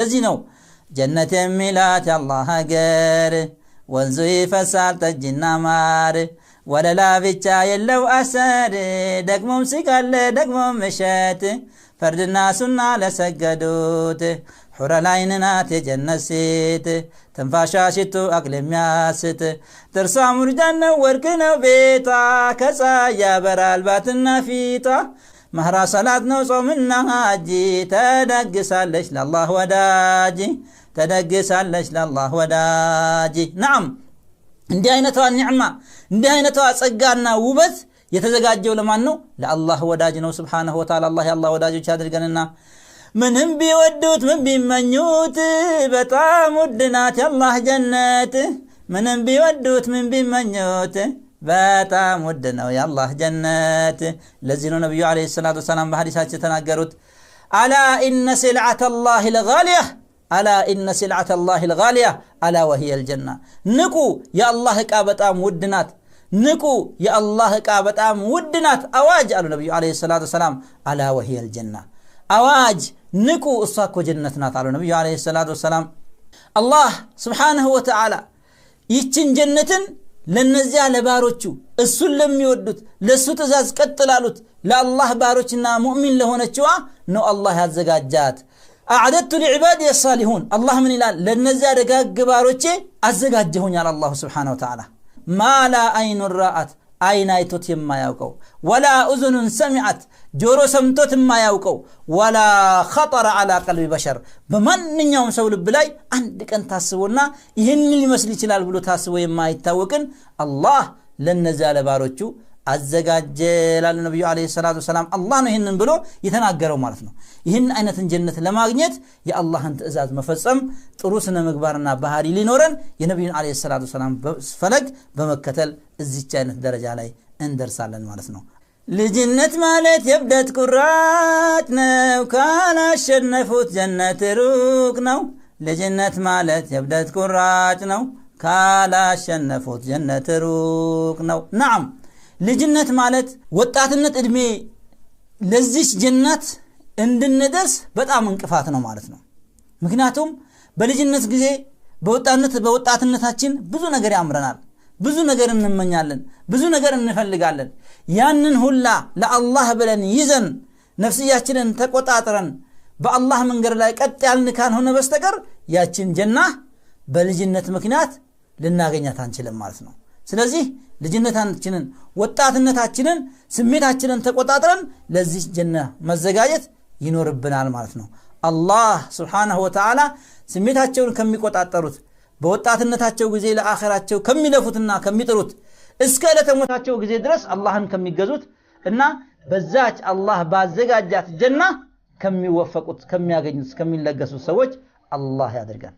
ለዚህ ነው ጀነት የሚላት የአላህ ሀገር፣ ወንዙ ይፈሳል ጠጅና ማር፣ ወለላ ብቻ የለው አሰር፣ ደግሞም ስቃለ ደግሞም እሸት፣ ፈርድና ሱና ለሰገዱት ሑረላይንናት ዐይን ናት የጀነት ሴት፣ ትንፋሻ ሽቱ አክል ጥርሷ ሙርጃን ወርቅ ነው ቤቷ፣ ከፀሐይ ያበራል ፊቷ መህራ ሰላት ነው ጾምና ሀጂ ተደግሳለች ለአላህ ወዳጅ ተደግሳለች ለአላህ ወዳጅ። ናም እንዲህ አይነቷ ኒዕማ እንዲህ አይነቷ ጸጋና ውበት የተዘጋጀው ለማን ነው? ለአላህ ወዳጅ ነው ስብሓነሁ ወተዓላ። አላህ የአላህ ወዳጆች አድርገንና ምንም ቢወዱት ምን ቢመኙት በጣም ውድ ናት የአላህ ጀነት ምንም ቢወዱት ምን ቢመኙት በጣም ውድ ነው የአላህ ጀነት። ለዚህ ነው ነቢዩ ዓለይሂ ሰላቱ ወሰላም በሐዲሳቸው የተናገሩት አላ ኢነ ሲልዓተ ላህ ልጋሊያ አላ ኢነ ሲልዓተ ላህ ልጋሊያ አላ ወሂየ ልጀና። ንቁ የአላህ ዕቃ በጣም ውድ ናት። ንቁ የአላህ ዕቃ በጣም ውድ ናት። አዋጅ አሉ ነቢዩ ዓለይሂ ሰላቱ ወሰላም አላ ወሂየ ልጀና። አዋጅ ንቁ፣ እሷ እኮ ጀነት ናት አሉ ነቢዩ ዓለይሂ ሰላቱ ወሰላም። አላህ ስብሓንሁ ወተዓላ ይችን ጀነትን ለነዚያ ለባሮቹ እሱን ለሚወዱት ለእሱ ትእዛዝ ቀጥ ላሉት ለአላህ ባሮችና ሙእሚን ለሆነችዋ ነው አላህ ያዘጋጃት። አዕደቱ ሊዕባድ የሳሊሁን አላህ ምን ይላል? ለእነዚያ ደጋግ ባሮቼ አዘጋጀሁኛል አላሁ ስብሓነ ወተዓላ ማላ አይኑን ራአት አይን አይቶት የማያውቀው ወላ እዙኑን ሰሚዓት ጆሮ ሰምቶት የማያውቀው ወላ ኸጠረ አላ ቀልቢ በሸር በማንኛውም ሰው ልብ ላይ አንድ ቀን ታስቦና ይህንን ሊመስል ይችላል ብሎ ታስቦ የማይታወቅን አላህ ለነዚያ ለባሮቹ አዘጋጀ ላሉ ነቢዩ አለ ሰላት ሰላም አላህ ነው ይህንን ብሎ የተናገረው ማለት ነው። ይህን አይነትን ጀነት ለማግኘት የአላህን ትእዛዝ መፈጸም ጥሩ ስነ ምግባርና ባህሪ ሊኖረን የነቢዩን አለ ሰላት ሰላም ፈለግ በመከተል እዚች አይነት ደረጃ ላይ እንደርሳለን ማለት ነው። ልጅነት ማለት የብደት ቁራጭ ነው፣ ካላሸነፉት ጀነት ሩቅ ነው። ልጅነት ማለት የብደት ቁራጭ ነው፣ ካላሸነፉት ጀነት ሩቅ ነው። ናም ልጅነት ማለት ወጣትነት እድሜ ለዚች ጀናት እንድንደርስ በጣም እንቅፋት ነው ማለት ነው። ምክንያቱም በልጅነት ጊዜ በወጣነት በወጣትነታችን ብዙ ነገር ያምረናል፣ ብዙ ነገር እንመኛለን፣ ብዙ ነገር እንፈልጋለን። ያንን ሁላ ለአላህ ብለን ይዘን ነፍስያችንን ተቆጣጥረን በአላህ መንገድ ላይ ቀጥ ያልን ካልሆነ በስተቀር ያችን ጀና በልጅነት ምክንያት ልናገኛት አንችልም ማለት ነው። ስለዚህ ልጅነታችንን ወጣትነታችንን ስሜታችንን ተቆጣጥረን ለዚህ ጀና መዘጋጀት ይኖርብናል ማለት ነው አላህ ስብሓናሁ ወተዓላ ስሜታቸውን ከሚቆጣጠሩት በወጣትነታቸው ጊዜ ለአኸራቸው ከሚለፉትና ከሚጥሩት እስከ ዕለተሞታቸው ጊዜ ድረስ አላህን ከሚገዙት እና በዛች አላህ ባዘጋጃት ጀና ከሚወፈቁት ከሚያገኙት ከሚለገሱት ሰዎች አላህ ያደርጋል